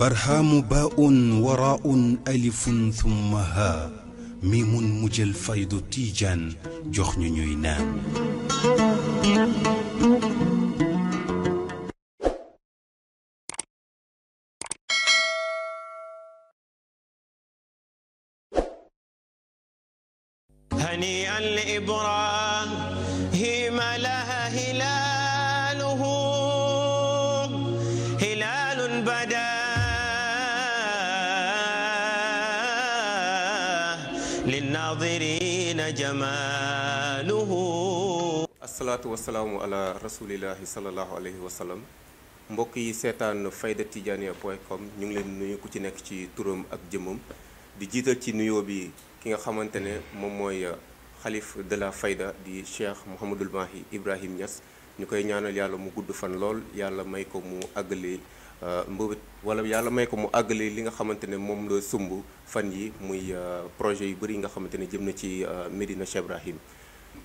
برهام باء وراء ألف ثم ها ميم مجل فيض تيجان جخن نيوي هنيئا لإبراهيم jamaaluhu asalaatu wasalaamu ala rasulillahi salallahu alayhi wa sallam mbokk yi seetaan fayda tijaaniya point com ñu ngi leen nuyu ku ci nekk ci turam ak jëmmam di jiital ci nuyoo bi ki nga xamante ne moom mooy xalif de fayda di cheikh Mouhamadul Mahi Ibrahim ñas ñu koy ñaanal yàlla mu gudd fan lool yàlla may ko mu àggale Euh, mbëbët wala yàlla may ko mu àggale li nga xamante ne moom la sumb fan yi muy euh, projet yu bëri yi nga xamante ne jëm na ci euh, Médina Cheikh Ibrahim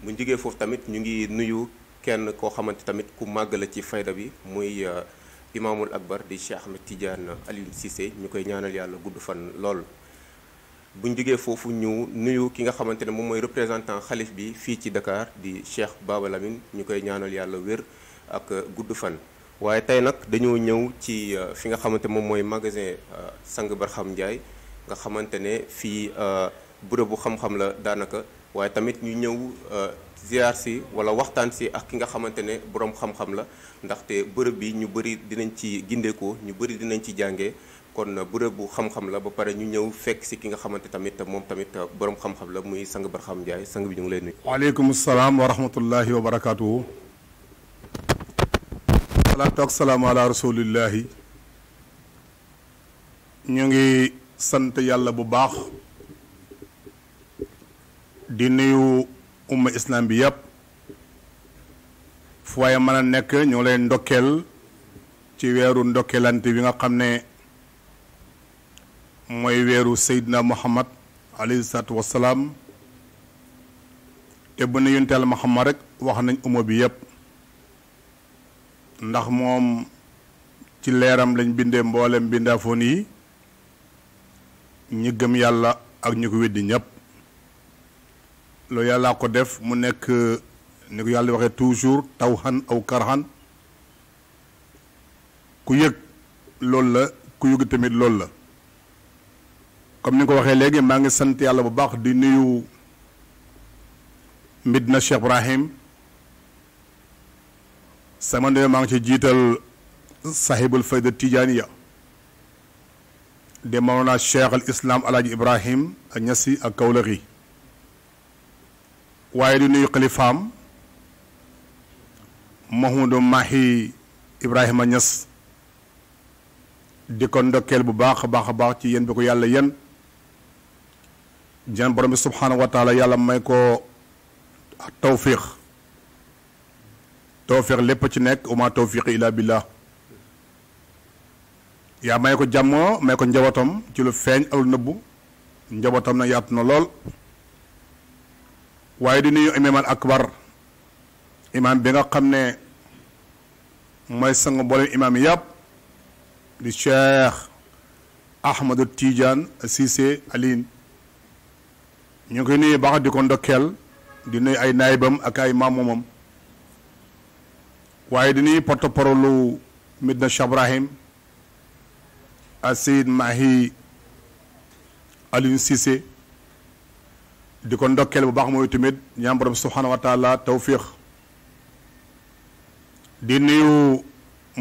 bu jógee foofu tamit ñu ngi nuyu kenn koo xamante tamit ku màgg la ci fayda bi muy imaamul akbar di Cheikh Ahmed Tidiane Alioune Cissé ñu koy ñaanal yàlla gudd fan lool. bu ñu foofu ñu nuyu ki nga xamante ne moom mooy représentant xalif bi fii ci dakaar di Cheikh Baba Lamine ñu koy ñaanal yàlla wér ak gudd fan. waaye tey nag dañoo ñëw ci euh, fi nga xamante moom mooy magasin euh, Sang Barham njaay nga xamante ne fii euh, bërëbu xam-xam la daanaka waaye tamit ñu ñëw ziar si wala waxtaan si ak ki nga xamante ne borom xam-xam la ndaxte bërëb bi ñu bëri dinañ ci gindeekoo ñu bari dinañ ci jàngee kon bërëb bu xam-xam la ba pare ñu ñëw fekk si ki nga xamante tamit moom tamit borom xam-xam la muy Sang Barham Ndiaye sang bi ñu ngi lay nuyu. waaleykum salaam wa salaatu ak salaamu ala rasulillahi ñu ngi sant yàlla bu baax di nuyu umma islam bi yëpp fu waaye mën a nekk ñu ngi lay ndokkeel ci weeru ndokkeelante bi nga xam ne mooy weeru Seydina Muhammad alayhi salaatu wassalaam te bu ne yunteel Muhammad rek wax nañ umma bi yëpp ndax moom ci leeram lañ bindee mboolem bindaafoon yi ñi gëm yàlla ak ñi ko weddi ñëpp loolu yàllaa ko def mu nekk ni ko yàlla waxee toujours tawhan aw karhan ku yëg loolu la ku yëg tamit loolu la comme ni ko waxee léegi maa ngi sant yàlla bu baax di nuyu Medina Cheikh Ibrahim sama nuyoo maa ngi ci jiital sahibul fayda tijaaniya de Mawlana Cheikh al Islam Alaaji Ibrahim ak Ñasi ak Kawlaxi waaye di nuyu xalifaam Mahmoudou Mahi Ibrahima Ñas di ko ndokkeel bu baax a baax a baax ci yéen bi ko yàlla yéen jan borom bi subhaanahu wa taala yàlla may ko tawfiq tawfiq lepp ci o ma tawfiq ila billah ya may ko jàmmoo may ko njabotam ci lu feñ njabotam na yatna nolol. waye di nuyu imam al akbar imam bi nga xamne moy sang imam Yap, di cheikh ahmad tidiane sisé aline ñu ngi nuyu baax di ko ndokel di nuyu ay ak ay وعيدني بورتو بورولو مدنا شابراهيم السيد ماهي الين سيسي دي كون دوكيل بو باخ موي تيميد نيام بروم سبحانه وتعالى توفيق دي نيو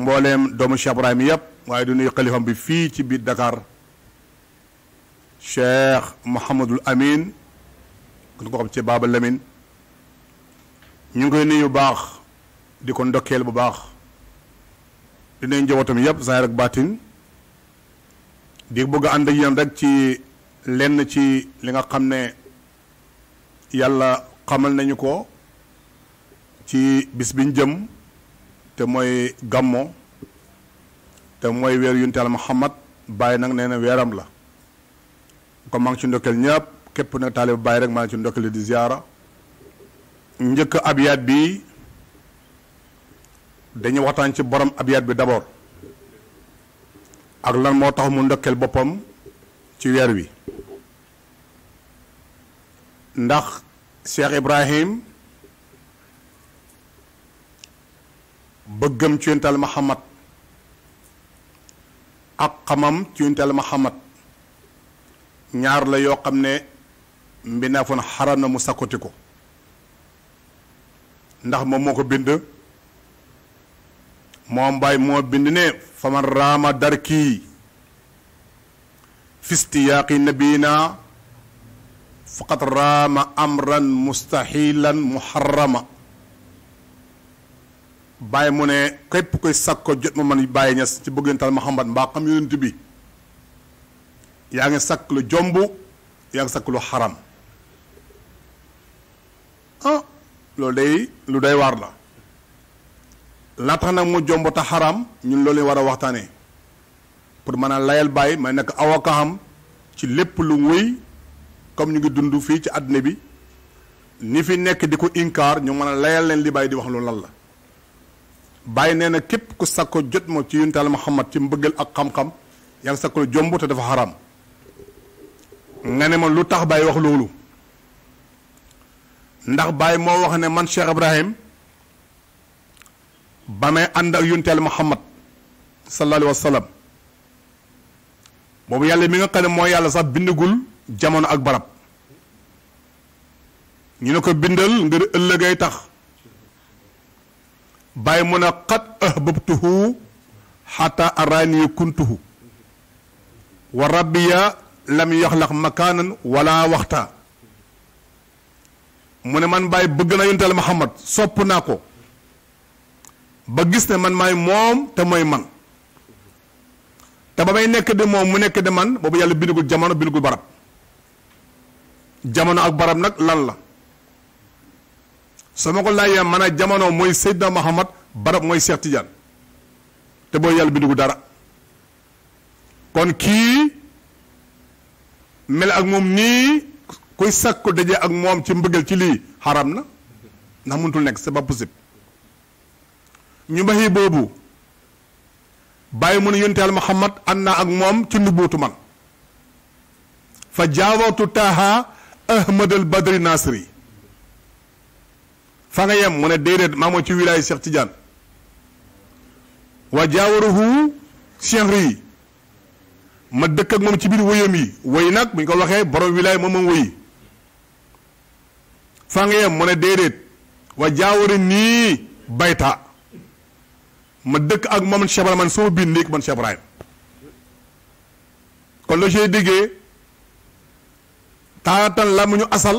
مبولم دوم شابراهيم ياب وعيد نيو خليفه بي في تي بيت دكار شيخ محمد الامين كنكو خم سي باب لامين نيو باخ di ko ndokkeel bu baax di nuyu njabootam yëpp zaahir ak baatin di bëgg ànd ak yéen rek ci lenn ci li nga xam ne yàlla xamal nañu ko ci bis biñ jëm te mooy gàmmo te mooy weer yunte al Muhammad bàyyi nag nee na weeram la ko maa ci ndokkeel ñëpp képp nag taalib bàyyi rek maa ngi ci ndokkeel di ziyaara njëkk abiyaat bi dañu waxtaan ci borom abiyat bi d'abord ak lan moo tax mu ndokkeel boppam ci weer wi ndax Cheikh Ibrahim bëggam ci yontal Muhammad ak xamam ci ma Muhammad ñaar la yoo xam ne mbinaafoon xaram na mu sakkoti ko ndax moom moo ko bind moom bay moo bind ne faman raama darki Nabi na, fakat raama amran mustahilan muharrama baay mu ne képp koy sakko jot ma man bàyyi ñas ci bëggantal mahamad mbaa xam yonent bi yaa ngi sakk lu jomb yaa ngi sakk lu xaram ah loolu day lu day waar la la tax nag mu jomb ta xaraam ñun loolu war a waxtaanee pour mën a layal bàyyi ma nekk awakaam ci lépp lu wéy comme ñu ngi dund fii ci àddina bi ni fi nekk di ko incar ñu mën a layal leen li bàyyi di wax lu lan la bàyyi nee na képp ku sakko jot ma ci yuntaal Muhammad ci mbëggal ak xam-xam yaa ngi sakko jomb te dafa xaraam nga ne ma lu tax bàyyi wax loolu ndax bàyyi moo wax ne man Cheikh Ibrahim ba may ànd ak yunteel muhammad sallallahu alayhi wa sallam boobu yàlla mi nga xam ne mooy yàlla sax bindagul jamono ak barab ñu ne ko bindal ngir ëllëgay tax bàyyi mun a xat ahbabtuhu xata arani kuntuhu wa rabbiya lam yaxlaq makaanan wala waxta mu ne man bàyyi bëgg na yuntal muhammad sopp naa ko ba gis ne man may moom te mooy man te ba may nekk di moom mu nekk di man boobu yàlla bindugul jamono bindugul barab jamono ak barab nag lan la sama ko laajee man jamono mooy Seydina Muhammad barab mooy Cheikh Tidiane te boobu yàlla bindugul dara kon kii mel ak moom nii kuy sakku daje ak moom ci mbëggal ci lii xaram na ndax muntul nekk pas possible ñu mbaxi bobu bàyyi mu ne yonte muhammad Anna ak mom ci nubutu man fa jawatu taha ahmad al badri nasri fa nga yam mu ne ma mo ci wilaay cheikh tidiane wa jawruhu cheikh ma dekk ak mom ci bir wëyam yi way nak buñ ko waxe borom wilaay mom mom wëyi fa nga yam mu ne dedet wa jaawari bayta ma dëkk ak moom Cheikh man sama biir néeg man Cheikh Ibrahima kon la jey déggee taratan lamuñu asal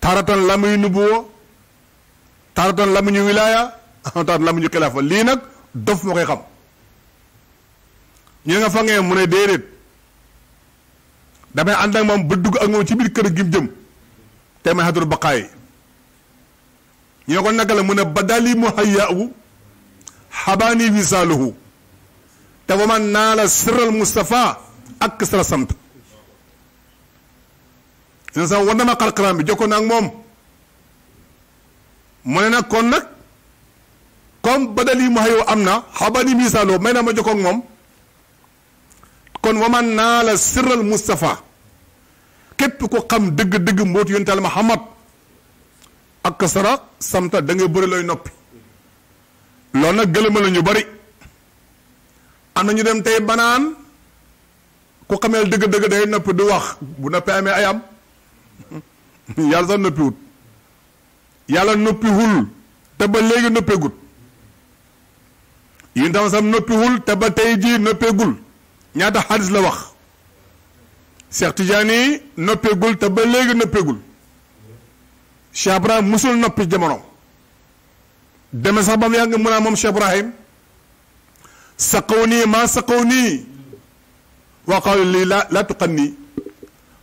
taratan lamuy nubuwo taratan lamuñu wilaya taratan lamuñu khilafa li nak dof mo koy xam ñinga fa ngey mu ne déedéet damay ànd ak moom ba dugg ak mom ci bir kër gi jëm te ko badali muhayyaawu habani wisaluhu te waman la sirral Mustafa ak sara samt seen sama war na ma xarxaram bi jokkoon ak moom mu ne nag kon nag comme badal yi mu xëyoo am na habani wisaluhu may na ma jokkoon moom kon waman naa la sëral Mustafa képp ko xam dëgg-dëgg mbóotu yontaal Muhammad ak sara samta da ngay bëri looy noppi loolu nag gëlëma la ñu bari am na ñu dem tey banaan ku xameel dëgg-dëgg day noppi du wax bu noppee amee ay am yàlla sax noppiwut yàlla noppiwul te ba léegi noppeegut yi tam sam noppiwul te ba tey jii noppeegul ñaata xadis la wax Cheikh Tidiane noppeegul te ba léegi noppeegul Cheikh mësul musul noppi jamono. deme sax ba mu yàgg mu naa moom Cheikh Ibrahim saqaw nii maa saqaw nii waa qaalu lii laa laa tuqan nii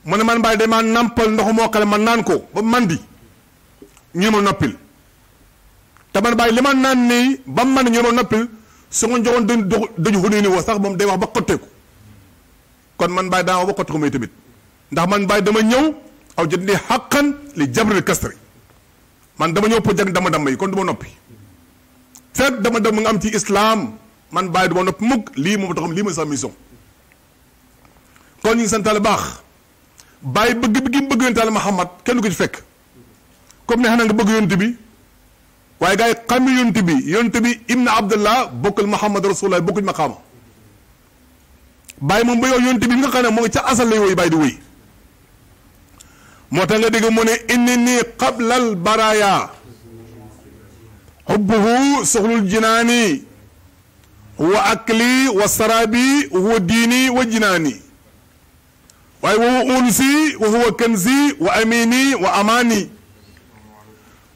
mu ne man bàyyi damaa nàmpal ndox moo xam ne naan ko ba man di ñu ma noppil te man bàyyi li ma naan nii ba man di ñu ma noppil su ma joxoon dañu dox dañu xunee ni woo sax moom day wax ba xotteeku kon man bàyyi daa wax ba xotteeku may tamit ndax man bàyyi dama ñëw aw jot nii xàqan li jabril kastri man dama ñëw pour jag dama dama yi kon du noppi fekk dama dem nga am ci islaam man bàyyi duma nopp mukk lii moom taxam lii mooy sa mission kon ñu ngi santaale baax bàyyi bëgg bi gi mu bëgg yontaale Muhammad kenn ko ci fekk comme ne xanaa nga bëgg yonte bi waaye gars yi xam yonte bi yonte bi ibn abdullah bokkul Muhammad rasulullah bokkul maqaama bàyyi moom ba yow yonte bi nga xam ne moo ngi ca asal lay woy bàyyi di woy moo tax nga dégg mu ne inni nii qablal baraya xubbuhu soxlul jinaani wa akli wa sarabi wa diini wa jinaani waaye wa huwa unsi wa huwa kanzi wa amini wa amaani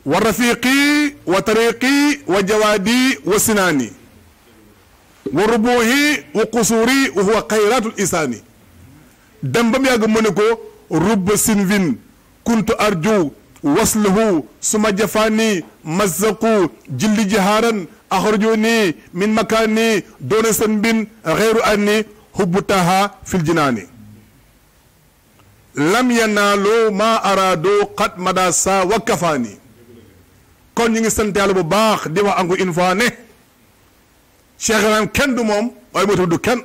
wa rafiqi wa tariqi wa jawaadi wa sinaani wa rubuhi wa qusuri wa huwa xayraatul isaani dem ba mu yàgg mu ne ko rubb sinvin kuntu arju wasluhu suma jafaani mazzaqu jilli jihaaran axrajuni min makaani doona sanbin xeyru anni hubbutaha fil jinaani lam yanaalu ma araadu qad madasa wa kon ñu ngi sant yàlla bu baax di wax encore une fois ne kenn du moom waaye moo tax du kenn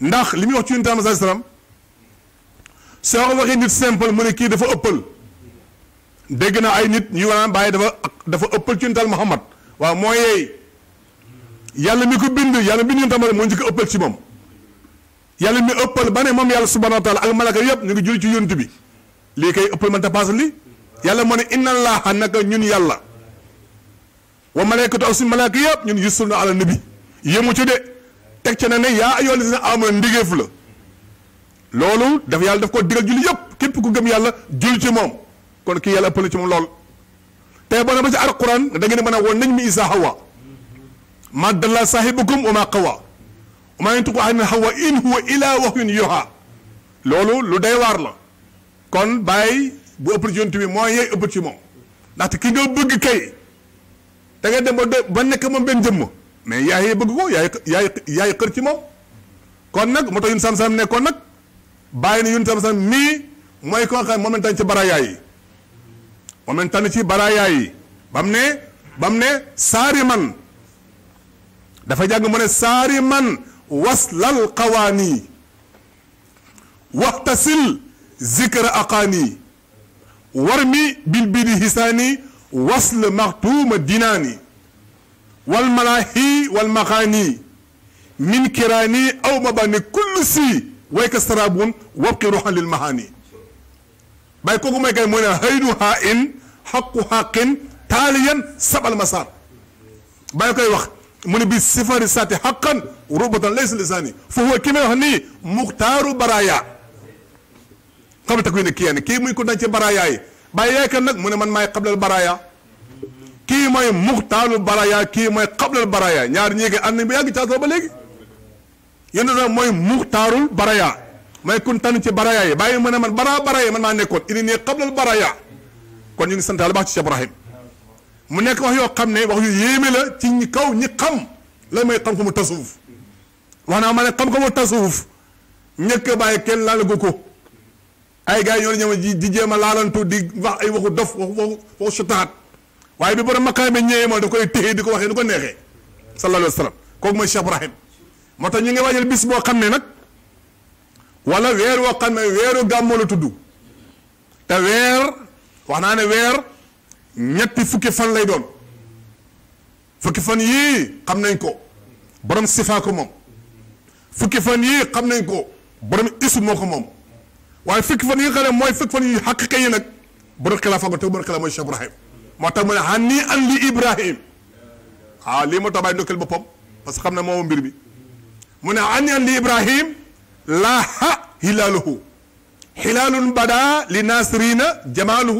ndax li muy wax ci yonent bi sallallahu alayhi soo ko nit simple mu ne kii dafa ëppal dégg na ay nit ñu naan bàyyi dafa dafa ëppal ci yonental Muhammad waaw moo yeey yàlla mi ko bind yàlla bind yonental Muhammad moo njëkk ëppal moom yàlla mi ëppal ba moom yàlla subhanahu wa taala ak malaka yëpp ñu ngi julli ci yonent bi lii kay ëppal man ta yàlla moo ne inna allaha naka ñun yàlla wa malaykatu ak suñu malaka yëpp ñun yusuna ala nabi yëmu ci de teg ca na ne yaa ayyuhal lazina amanu ndigeef la loolu dafa yàlla daf ko digal julli yëpp képp ko gëm yàlla julli ci moom kon ki yalla ëppale ci moom lool tey boo ne ba ci alquran da ngeen mën a woon nañ mi isa hawa ma dalla sahibukum wa ma qawa wa ma yantiqu an hawa in huwa ila wahyun yuha loolu lu day waar la kon bàyyi bu ëppale ci yontu bi mooy yey ëpp ci moom ndaxte ki nga bëgg kay da nga dem ba ba nekk moom benn jëmm mais yaay bëgg ko yaay yaay yaay xër ci moom kon nag moo tax yun sam sam ne kon nag bàyyi na yun sam sam mii mooy koo xam moom ya ci bara yaay yi ومن تانيتي براياي بامني بامني ساري من دا فا جانغ موني ساري من وصل القواني واقتصل ذكر اقاني ورمي بالبيد حساني وصل مقتوم ديناني والملاهي والمغاني من كراني او مباني كل سي ويك سرابون وابقي روحا للمهاني باي كوكو ماي كاي مونا هيدو هائل xaqu xaqin taaliyan sabal masaar bàyyi koy wax mu ne bi sifari saati xaqan rubatan laysa lisaani fa huwa ki may wax nii muxtaaru baraya xam ta kuy ne kii yaa ne kii muy ko dañ ci baraya yi bàyyi yaay kan nag mu ne man maay xablal baraya kii mooy muxtaaru baraya kii mooy xablal baraya ñaar ñii ngi ànd nañ ba yàgg caasoo ba léegi yéen a mooy muxtaarul baraya mooy kun tànn ci baraya yi bàyyi mu ne man bara baraya man maa nekkoon ini nii xablal baraya kon ñu ngi santaale baax ci Cheikh Ibrahim mu nekk wax yoo xam ne wax yu yéeme la ci ñi kaw ñi xam la may xam-xamu tasawuf wax naa ma ne xam-xamu tasawuf ñëkk bàyyi kenn laalagu ko ay gars yi ñoo ñëw di di jéem a laalantu di wax ay waxu dof waxu waxu waaye bi borom maqaam bi ñëwee moom da koy téye di ko waxee nu ko neexee sallallahu alayhi wa sallam kooku mooy Cheikh Ibrahim moo tax ñu ngi waajal bis boo xam ne nag wala weer woo xam ne weeru gàmmoo la wax naa ne weer ñetti fukki fan lay doon fukki fan yii xam nañ ko borom sifaa ko moom fukki fan yii xam nañ ko borom isu moo ko moom waaye fukki fan yi nga xam ne mooy fukki fan yi xaqiqa yi nag borom xilaafa ko te borom xilaafa mooy Cheikh Ibrahim moo tax mu ne xan nii an li Ibrahim ah lii moo tax baay ndokkeel boppam parce que xam ne moom mbir bi mu ne xan nii an li Ibrahim laaha hilaaluhu هلال بدا لناصرين جماله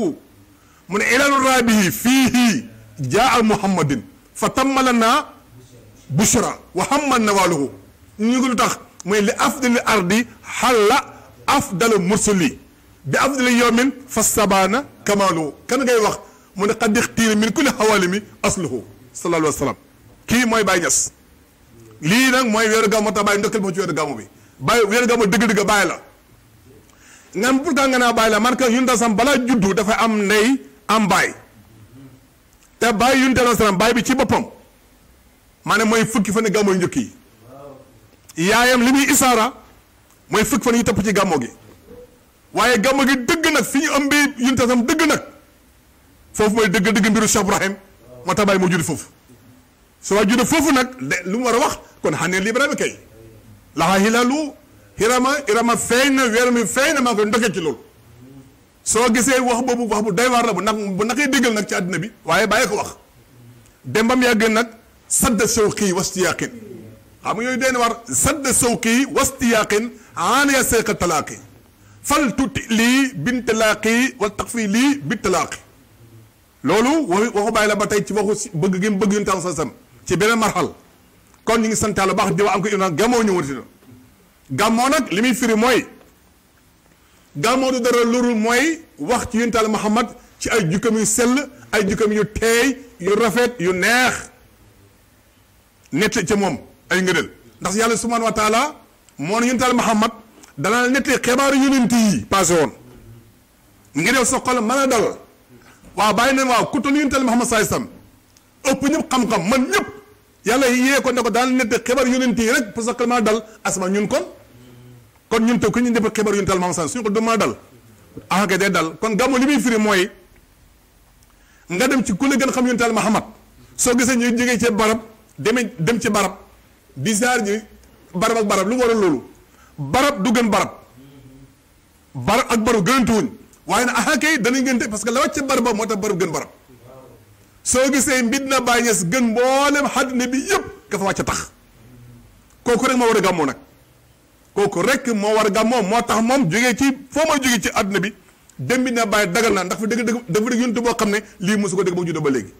من علل رابه فيه جاء محمد فتم لنا بشرى وهم نواله نقول تخ موي لافضل الارض حل افضل المرسلين بافضل يوم فالسبان كماله كان جاي وقت من قد اختير من كل حوالي اصله صلى الله عليه وسلم كي موي باي نياس لي نك موي ويرغا متا باي ندكل بو ويرغا مو بي باي ويرغا مو دغ دغ باي لا nga ne pourquoi nga naa bàyyi la man que yunta balaa juddu dafa am ndey am baay te bàyyi yunta la bi ci boppam maanaam mooy fukki fan gàmmo yu njëkk yi yaayam li muy isaara mooy fukki fan yu topp ci gàmmo gi waaye gàmmo gi dëgg nag fi ñu ëmbee yunta sam dëgg nag foofu mooy dëgg dëgg mbiru Cheikh Ibrahim moo tax bàyyi moo judd foofu su ma foofu nag lu mu war a wax kon xam ne Ibrahima kay laxaa hilalu Hirama Hirama feeñ na weer mi feeñ na maa koy ndokkee ci loolu soo gisee wax boobu wax bu day waar la bu nag bu nakay déggal nag ci àddina bi waaye bàyyi ko wax dembam yàggee nag sadd sawqi wasti yaqin xam nga yooyu deen war sadd sawqi wasti yaqin aaniya seeqa talaaqi fal tuuti lii bin talaaqi wal tax fii lii bi talaaqi loolu waxu waxu bàyyi la ba tey ci waxu bëgg gi mu bëgg yun tam sa ci beneen marxal kon ñu ngi sant baax di wax am ko imran gamoo ñëwati na gàmmoo nag li muy firi mooy gàmmoo du dara lurul mooy wax ci yuntal Muhammad ci ay jukkam yu sell ay jukkam yu teey yu rafet yu neex nett ci moom ay ngëneel ndax yàlla subhanahu wa taala moo ne yuntal Muhammad dana netti xibaaru yonent yi passé woon ngi def sa xol mën a dal waaw bàyyi neen waaw ku toll yuntal Muhammad saai sallam ëpp ñëpp xam-xam man ñëpp yàlla yee ko ne ko daan netti xibaaru yonent yi rek parce que ma dal asma ñun kon kon ñun taw ku ñu defal xibar yu tal mam sans ko dama dal ah ga day dal kon gamu limi firi moy nga dem ci kula gën xam yu tal muhammad so gisee ñu jige ci barab dem dem ci barab bizar ji barab ak barab lu waral lolu barab du gën barab barab ak barab gën tuñ waye na ah kay dañu gënte parce que la wacc barab mo ta barab gën barab so gisee mbidna bañes gën mbolem hadna bi yépp ka fa wacc tax koku rek ma wara gamu nak kooku rek moo war ga moom moo tax moom jógee ci foo ma jógee ci àdduna bi dem bi na bàyyi dagal na ndax fa dëgg dëgg dafa dëgg yuntu boo xam ne lii mosu ko dëgg ba juddoo ba léegi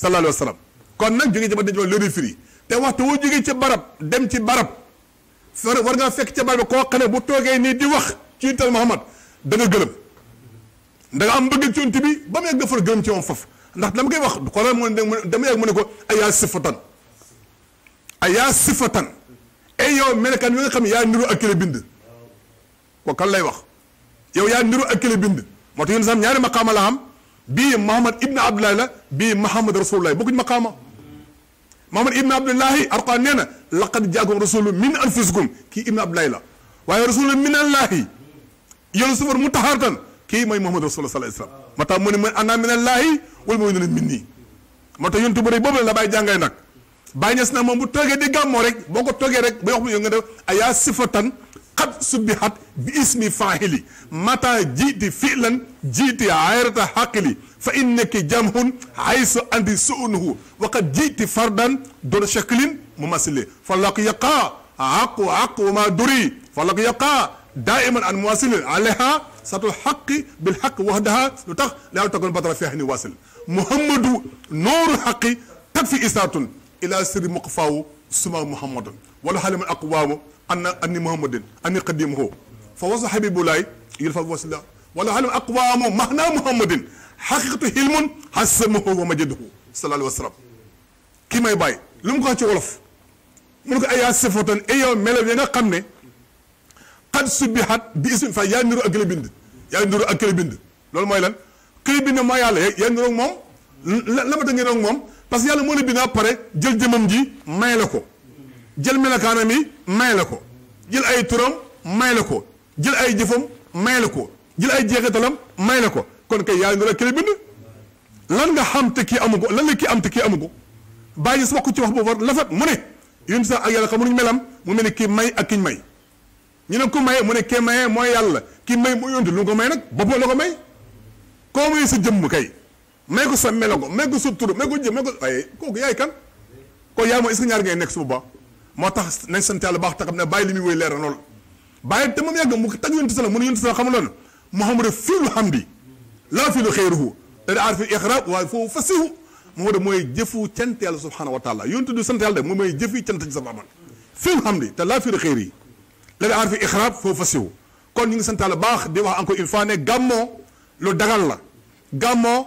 sallallahu alayhi wa kon nag jógee ci ba dañ loolu firi te waxtu woo jógee ci barab dem ci barab war ngaa fekk ci barab koo xam ne bu toogee nii di wax ci yuntal Muhammad da nga gërëm da am bëgg ci yuntu bi ba mu yegg dafar gërëm ci moom foofu ndax dama koy wax xoolal mu ne dama yàgg mu ne ko ayaa sifatan ayaa sifatan et yow melokaan bi nga xam ne yaa niru ak kële bind ko kan lay wax yow yaa niru ak kële bind moo tax yéen sam ñaari maqaama la am bii Muhammad ibn Abdullahi la bii Muhammad Rasulullah bokkuñ maqaama Muhammad ibn Abdullahi Alquraan nee na laqad jaakum rasulu min anfusikum kii ibn Abdullahi la waaye rasulu min allahi yoolu safar mu taxaartan kii mooy Muhammad Rasulullah sallallahu alayhi wasallam moo tax mu ne man ana min allahi wala mu ne min nii moo tax yontu bëri boobu la la bàyyi jàngay nag bañes na mom bu toge di gamo rek boko toge rek ba wax mu yow nga def ayaa sifatan qad subihat bi ismi faahili mata jiti filan jiti ayrata haqli fa innaki jamhun haysu andi su'unhu wa qad jiti fardan dur shaklin mumasili falak yaqa aqu aqu ma duri falak yaqa دائما عن مواصل عليها ستحق بالحق وحدها لتخ لا تكون بطل فيها واصل محمد نور الحق تكفي إساتون إلى سر مقفاو سما محمد ولا حلم أقوام أن أني محمد أني قديمه فوز حبيب الله يلفظ وسلا ولا حلم أقوام مهنا محمد حقيقة حلم حسمه ومجده صلى الله عليه وسلم ماي باي لم كو تشولف من ايا صفة أي ملو ينا قمنا قد سبحت باسم فيا نور أكل بند يا نور أكل بند لول موي لان كل بند ما يالا يا نور موم لما تنجي نرو موم parce que yàlla moo la bind a pare jël jëmam ji may la ko jël melokaanam yi may la ko jël ay turam may la ko jël ay jëfam may la ko jël ay jeexitalam may la ko kon kay yàlla nga la kële bind lan xam te kii amu ko lan la kii am te kii amu ko bàyyi sa ci wax boobu war mu ne yun sax ak yàlla xamuñu melam mu mel ne kii may ak kiñ may ñu ne ku maye mu ne kii maye mooy yàlla kii may mu yonti lu ko may nag boppam la ko may koo may sa jëmm kay may ko sa melogo may ko sa tur may ko jë may ko ay kooku yaay kan kooku yaay mooy est-ce que ñaar ngay nekk su boobaa moo tax nañ sant yàlla baax te xam ne bàyyi li muy wéy leer na loolu bàyyi te moom yàgg mu tag yontu sala mu ne yontu sala xamul loolu Muhammadu fiilu hamdi laa fiilu xeyruhu da aar fi ixraab waaye foofu fasihu Muhammadu mooy jëfu cant yàlla subhanahu wa taala yontu du sant yàlla de moom mooy jëfi cant ci sa baaman fiilu hamdi te laa fiilu xeyri yi da aar fi ixraab foofu fasihu kon ñu ngi sant yàlla baax di wax encore une fois ne gàmmoo lu dagal la gàmmoo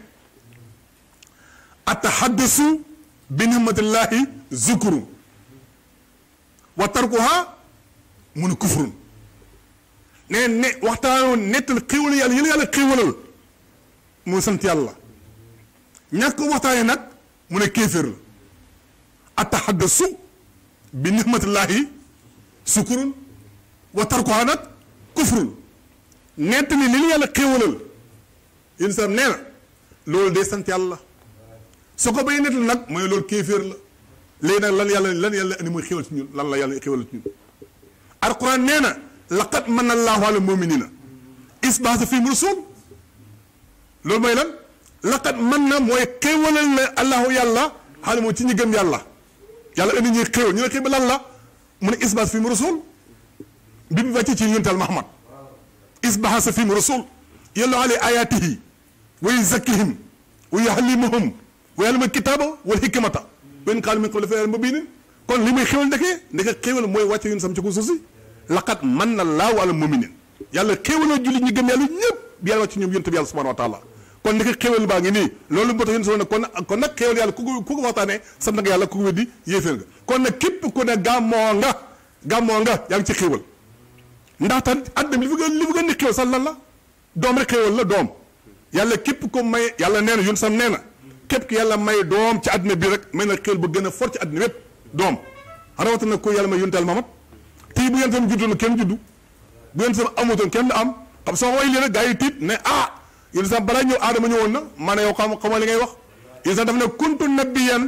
attahaddasu bi nihmatillahi zukurun wa tarkuha mu ne kufrun ne ne waxtaanoo nettal xéwal yàlla yéen yàlla xéwalal mu ne sant yàlla ñàkk waxtaanee nag mu ne kéeféer la attahaddasu bi nihmatillahi sukurun wa tarkuha nag kufrun nettali li yàlla xéwalal yéen sax nee na loolu de sant yàlla soko bay netul nak moy lol kefer la léegi nak lan yàlla lan yàlla ni moy xéwal ci ñun lan la yàlla xéwal ci ñun alquran neena laqad manna allahu ala muminina isbaasa fi mursul lol moy lan laqad manna moy mooy xéwalal na allahu yàlla hal mo ci ñi gëm yàlla yàlla ni ñi xew ñu xew lan la mu ne isbaasa fihim rasul bi mu wàcce ci yuntal Muhammad isbaasa fi mursul yàlla ale ayatihi wa yuzakkihim wa yuhallimuhum wa yàlla ma kitaaba wal hikmata benn xaalis mi ngi ko defee yàlla ma bii kon li muy xéwal ndeke ndeke xéwal mooy wàcce yun sam ci ko suuf si laqat man na laaw ala muminin yàlla xéwaloo jullit ñi gëm yàlla ñëpp yàlla wàcc ñoom yonent bi yàlla subhanahu wa taala kon ndeke xéwal baa ngi nii loolu moo tax yén so nag kon kon nag xéwal yàlla ku ko ku ko waxtaanee sant nga yàlla ko ko weddi yéeféer nga kon nag képp ku ne gàmmoo nga gàmmoo nga yaa ci xéwal ndax bi li fi li fi gën di lan la doom rek xéwal la doom yàlla képp ko may yàlla nee na sam nee na képp ki yàlla may doom ci àdduna bi rek may na xel bu gën a fort ci àdduna bépp doom rawatina ko yàlla may yuntal mamat tey bu yéen tam juddoon kenn juddu bu yéen tam amutoon kenn du am xam sama way lii rek gars yi tiit ne ah yéen sax balaa ñëw aadama ñëwoon na ma ne yow xam xamoo li ngay wax yéen sax daf ne kuntu nabiyan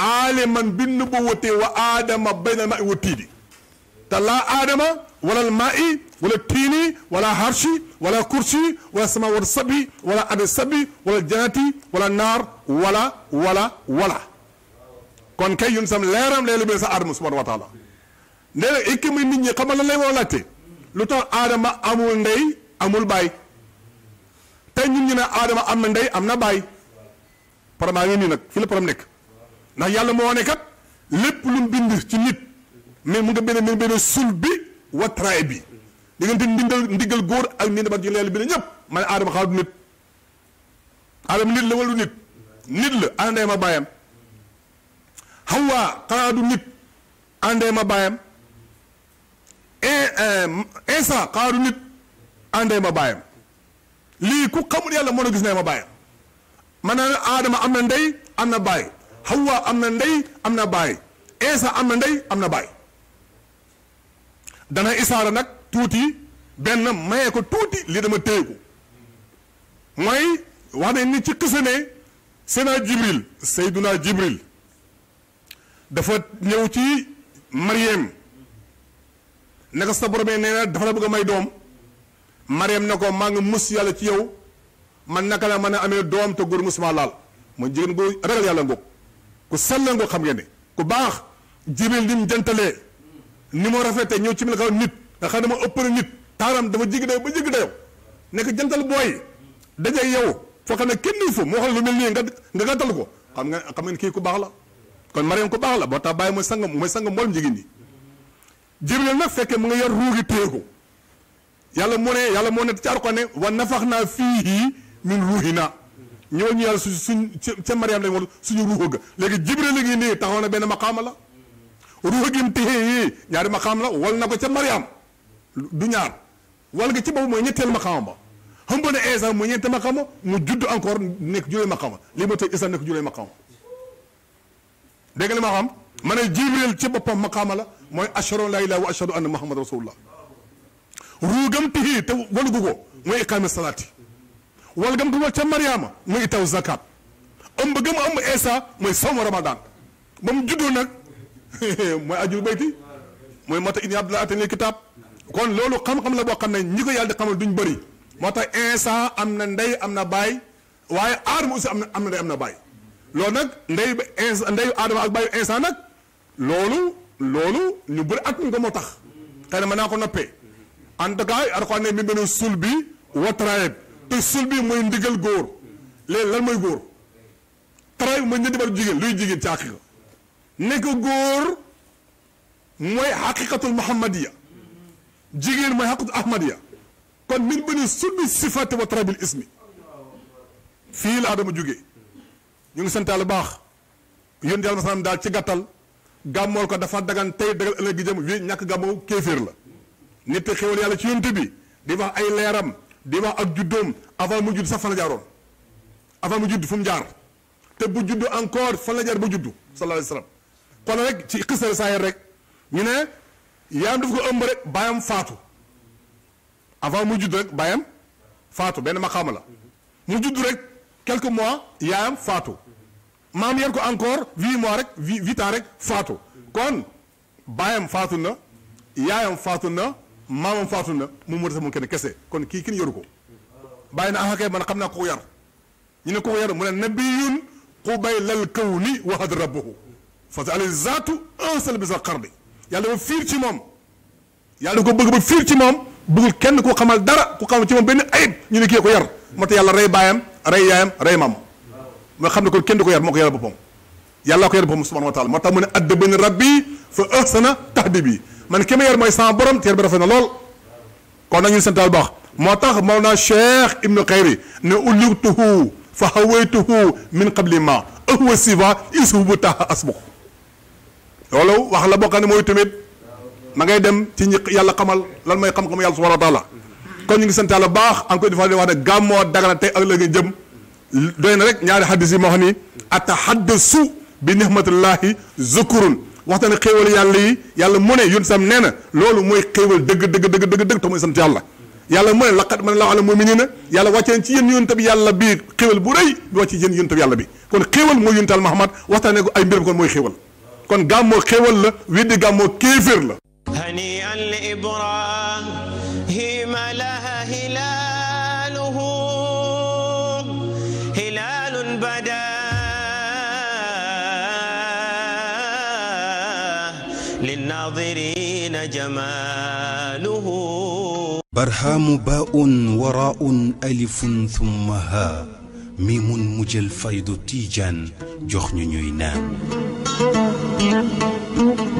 aaliman bi nubuwwati wa aadama bayna al maa'i wa tiini te laa aadama wala al maa'i ولا تيني ولا هرشي ولا كرسي ولا سماء ولا صبي ولا أبي الصبي ولا الجنة ولا النار wala wala wala kon kay yun sam leeram leelu bee sa aadama subhanahu wa taala nee na lu tax aadama amul ndey amul baay tey ñu ñu ne aadama am na ndey am na baay problème yi nii nag fii la problème nekk ndax yàlla moo ne kat lépp lu mu bind ci nit mais mu nga benn mu benn sul bi watraay bi diggante ndingal ndigal góor ak na dabat yu leelu bi ne ñëpp man aadama xaal nit aadama nit la wala nit nit la àndee ma bàyyam Hawa xanaa du nit àndee ma bàyyam Isa eh, xanaa du nit àndee ma bàyyam lii ku xamul yàlla mën a gis ne ma bàyyam man naa ne Adama am na ndey am na baay Hawa am na ndey am na baay Isa am na ndey am na baay dana isaara nag tuuti benn mayee ko tuuti lii dama téye ko mooy wax nañ ni ci xisa Seydina Jibril Seydina Jibril dafa ñëw ci Mariyam naka sa boromee nee na dafa la bëgg may doom Mariyam ne ko maa ngi mus yàlla ci yow man naka la mën a amee doom te gor musuma laal mooy jigéen boo ragal yàlla ngoog ku sell ngoog xam ngeen ne ku baax Jibril ni mu jantalee ni mu rafetee ñëw ci mel nit nga xam ne ma ëpp na nit taaram dafa jig dayo ba jig dayo nekk jantal booy dajeeg yow foo xam ne kenn nii foofu moo xam lu mel nii nga nga gàttal ko xam nga xam nga kii ku baax la kon Mariam ku baax la boo tax bàyyi mooy sangam mooy sangam mboolem jigéen ñi Jibril nag fekkee mu nga yor ruugi téye ko yàlla moo ne yàlla moo ne ci Alxuraan ne wa nafax naa fiihi min ruuhinaa su suñ ca Mariam lañ war suñu ruuxa ga léegi Jibril la ngi nii taxaw na benn maqaama la ruuxa gi mu téye yi ñaari maqaam la wal na ko ca Mariam du ñaar wal nga ci boobu mooy ñetteel maqaama ba هم بنا إيزان مين تمكامو موجود أنكور نكجول مكام لما تي إيزان نكجول مكام دعني مكام من جبريل تبقى مكام لا ما أشهد أن لا إله وأشهد أن محمد رسول الله روغم تيه تو ولغو ما إقام الصلاة ولغم تقول كم مريم ما إتاو زكاة أم بغم أم إيسا ما يصوم رمضان بم جدونا ما أجل بيتي ما مات إني عبد الله أتني الكتاب كون لولو قام قام لبوا قام نيجو يالد قام دنج بري moo tax instant am na ndey am na baay waaye aadama aussi am na am na ndey am na baay loolu nag ndey ba instant ndeyu aadama ak baayu instant nag loolu loolu ñu bëri at ñu ko moo tax xëy na mën naa ko noppee en tout cas arxoon ne mi benn sul bi wa traayeb te sul bi mooy ndigal góor léegi lan mooy góor traay mooy ñetti baatu jigéen luy jigéen ci xaqiqa nekk góor mooy xaqiqatul muhammadiya jigéen mooy xaqiqatul ahmadiya kon min bani summi sifati wa trabil ismi fii laa dama jóge ñu ngi sant yàlla baax yónni yàlla masalam daal ci gàttal gàmmool ko dafa dagan tey dagal ëllëg gi jëm wi ñàkk gàmmoo kéeféer la nit xewal yàlla ci yónte bi di wax ay leeram di wax ak juddoom avant mu judd sax fan la jaaroon avant mu judd fu mu jaar te bu judd encore fan la jaar ba judd sallallahu alayhi wasallam kon rek ci xisal saayir rek ñu ne yaayam daf ko ëmb rek baayam faatu avant mujjud rek bayam fatou ben maqama la mujjud rek quelques mois yam fatou mam yar ko encore 8 mois rek 8 ans rek fatou kon bayam fatou na yaayam fatou na maamam fatou na mu mo des moom kenn kon ki kenn yoruko bayna bàyyi man xamna ko yar ñu ne ko yar mu ne nabiyun qubaylal kawni wa had rabbuhu fas ali zaatu un seul bi sa yàlla dafa fiir ci mom yàlla ko bëgg ba fiir ci mom بقول كن كو كمال دار كو كمال تيمو بين عيب ني نكي كو يار مات يالا ري بايام ري يام ري مام ما خامن كو كن دكو يار موكو يالا بوبوم يالا كو يار بوم سبحانه وتعالى مات من اد بن ربي فاحسن تهديبي من كيما يار موي سان بروم تير برافنا لول كون نيو سنتال باخ مات مولانا شيخ ابن خيري نولوته فهويته من قبل ما هو سيفا يسوبتا اسبق لولو واخ لا بوكاني موي تيميت ma ngay dem ci ñi yàlla xamal lan may xam-xam yàlla subhanahu wa taala kon ñu ngi sante yàlla baax encore ko defal di wax ne gamo dagana tey ak léegi jëm doyna rek ñaari hadith yi ma wax ni atahaddasu bi nihmatullahi zukurun waxtaan xewal yàlla yi yàlla mo ne yun sam neena lolu moy xewal deug deug deug deug deug to moy sante yàlla yàlla mo ne laqad man la ala muminina yàlla wacce ci yéen yonent bi yàlla bi xewal bu rëy bi wàcc ci yéen yonent bi yàlla bi kon xewal mooy yuntal Muhammad waxtaanee ko ay mbir kon moy xewal kon gàmmoo xéewal la weddi gàmmoo kéeféer la إبراهيم لها هلاله هلال بدا للناظرين جماله برهام باء وراء ألف ثم ها ميم مجل فيض تيجان جخن نام